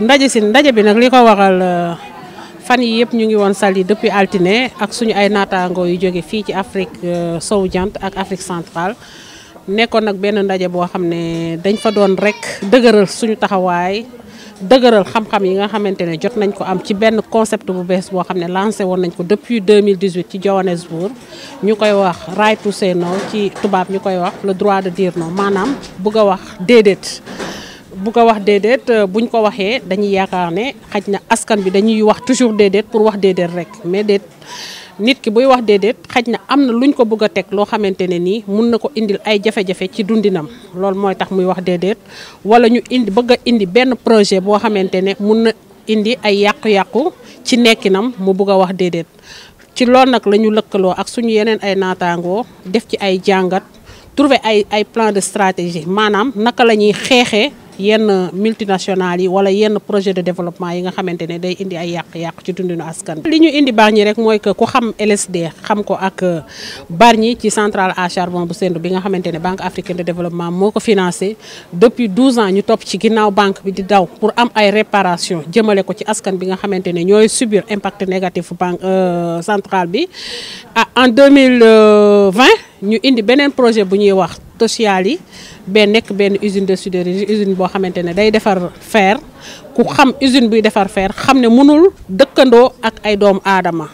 ndaje si ndaje bi nag li ko waral euh, fan yii yëpp ñu ngi woon Saly depuis altine ak suñu ay naataangoo yu jóge fii ci Afrique euh, sowu jant ak Afrique centrale nekkoon nag benn ndaje boo xam ne dañ fa doon rek dëgëral suñu taxawaay dëgëral xam-xam yi nga xamante ne jot nañ ko am ci benn concept bu bees boo xam ne lancé woon nañ ko depuis 2018 ci Johannesburg ñu koy wax right to say ci tubaab ñu koy wax le droit de dire non maanaam bëgg a wax déedéet bugg a wax déedéet euh, buñ ko waxee dañuy yaakaar ne xaj na askan bi dañuy wax toujours déedéet pour wax déedéet rek mais déet nit ki buy wax déedéet xaj na am na luñ ko bëgg a teg loo xamante ne nii mun na ko indil ay jafe-jafe ci dundinam loolu mooy tax muy wax déedéet wala ñu indi bëgg indi benn projet boo xamante ne mun na indi ay yàqu-yàqu ci nekkinam mu bëgg a wax déedéet ci loolu nag la ñu lëkkaloo ak suñu yeneen ay naataangoo def ci ay jàngat trouver ay ay plan de stratégie maanaam naka la ñuy xeexee yenn multinationales yi wala yenn projet de développement yi nga xamante ne day indi ay yàq-yàq ci dundinu askan li ñu indi Bargny rek mooy que ku xam LSD xam ko ak euh, Bargny ci centrale à charbon bu Sendou bi nga xamante ne Banque africaine de développement moo ko financé depuis 12 ans ñu topp ci ginnaaw banque bi di daw pour am ay réparation jëmale ko ci askan bi nga xamante ne ñooy subir impact négatif banque euh, centrale bi ah en 2020 euh, ñu indi beneen projet bu ñuy wax sociale yi benn nekk benn usine de sidérurgie usine boo xamante ne day defar fer ku xam usine buy defar fer xam ne mënul dëkkandoo ak ay doomu aadama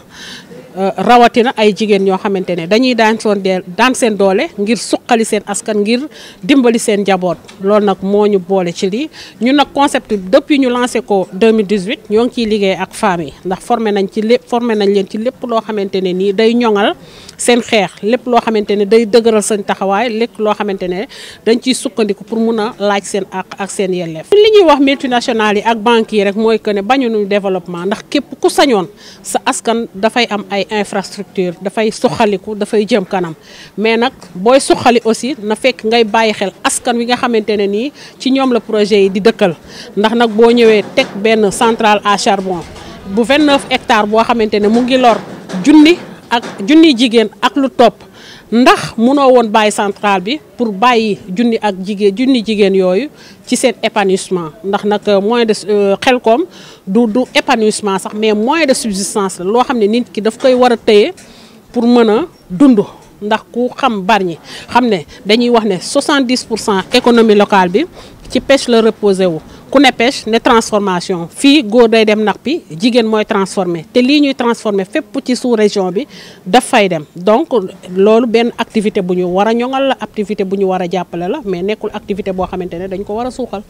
Euh, rawatina ay jigéen ñoo xamante ne dañuy daan soon deel daan seen doole ngir suqali seen askan ngir dimbali seen njaboot loolu nag moo ñu boole ci li ñun nag concept depuis ñu lancé ko 2018 ñoo ngi ciy liggéey ak femmes yi ndax formé nañ ci lépp nañ leen ci lépp loo xamante ne nii day ñoŋal seen xeex lépp loo xamante ne day dëgëral seen taxawaay lépp loo xamante ne dañ ciy sukkandiku pour mun a laaj seen àq ak seen yelleef li ñuy wax multinationales yi ak banques yi rek mooy que ne bañu ñu développement ndax képp ku sañoon ay infrastructure soxaliku da fay jëm kanam mais nak boy soxali aussi na fekk ngay bàyyi xel askan wi nga xamantene ni ci ñom la projet yi di dëkkal ndax nak bo ñëwé tek ben centrale à charbon bu 29 hectares bo xamantene mu ngi lor jundi ak jundi jigen ak lu top ndax munoo won bàyyi centrale bi pour bàyyi junni ak jigéen junni jigéen yoyu ci sen épanouissement ndax nak euh, moins de euh, Xelcom du du épanouissement sax mais moins de subsistance lo xamné nit ki daf koy wara teyé pour mën a ndax ku xam Bargny xamné dañuy wax né 70 économie locale bi ci pêche le reposé wu ku ne pêche ne transformation Fi góor dem nakpi, jigen mooy transformer te lii ñuy transformer fépp ci sous région bi daf fay dem donc loolu ben activité bu ñu nyongal la activité bu ñu war a la mais nekkul activité bo xamante ne dañ ko war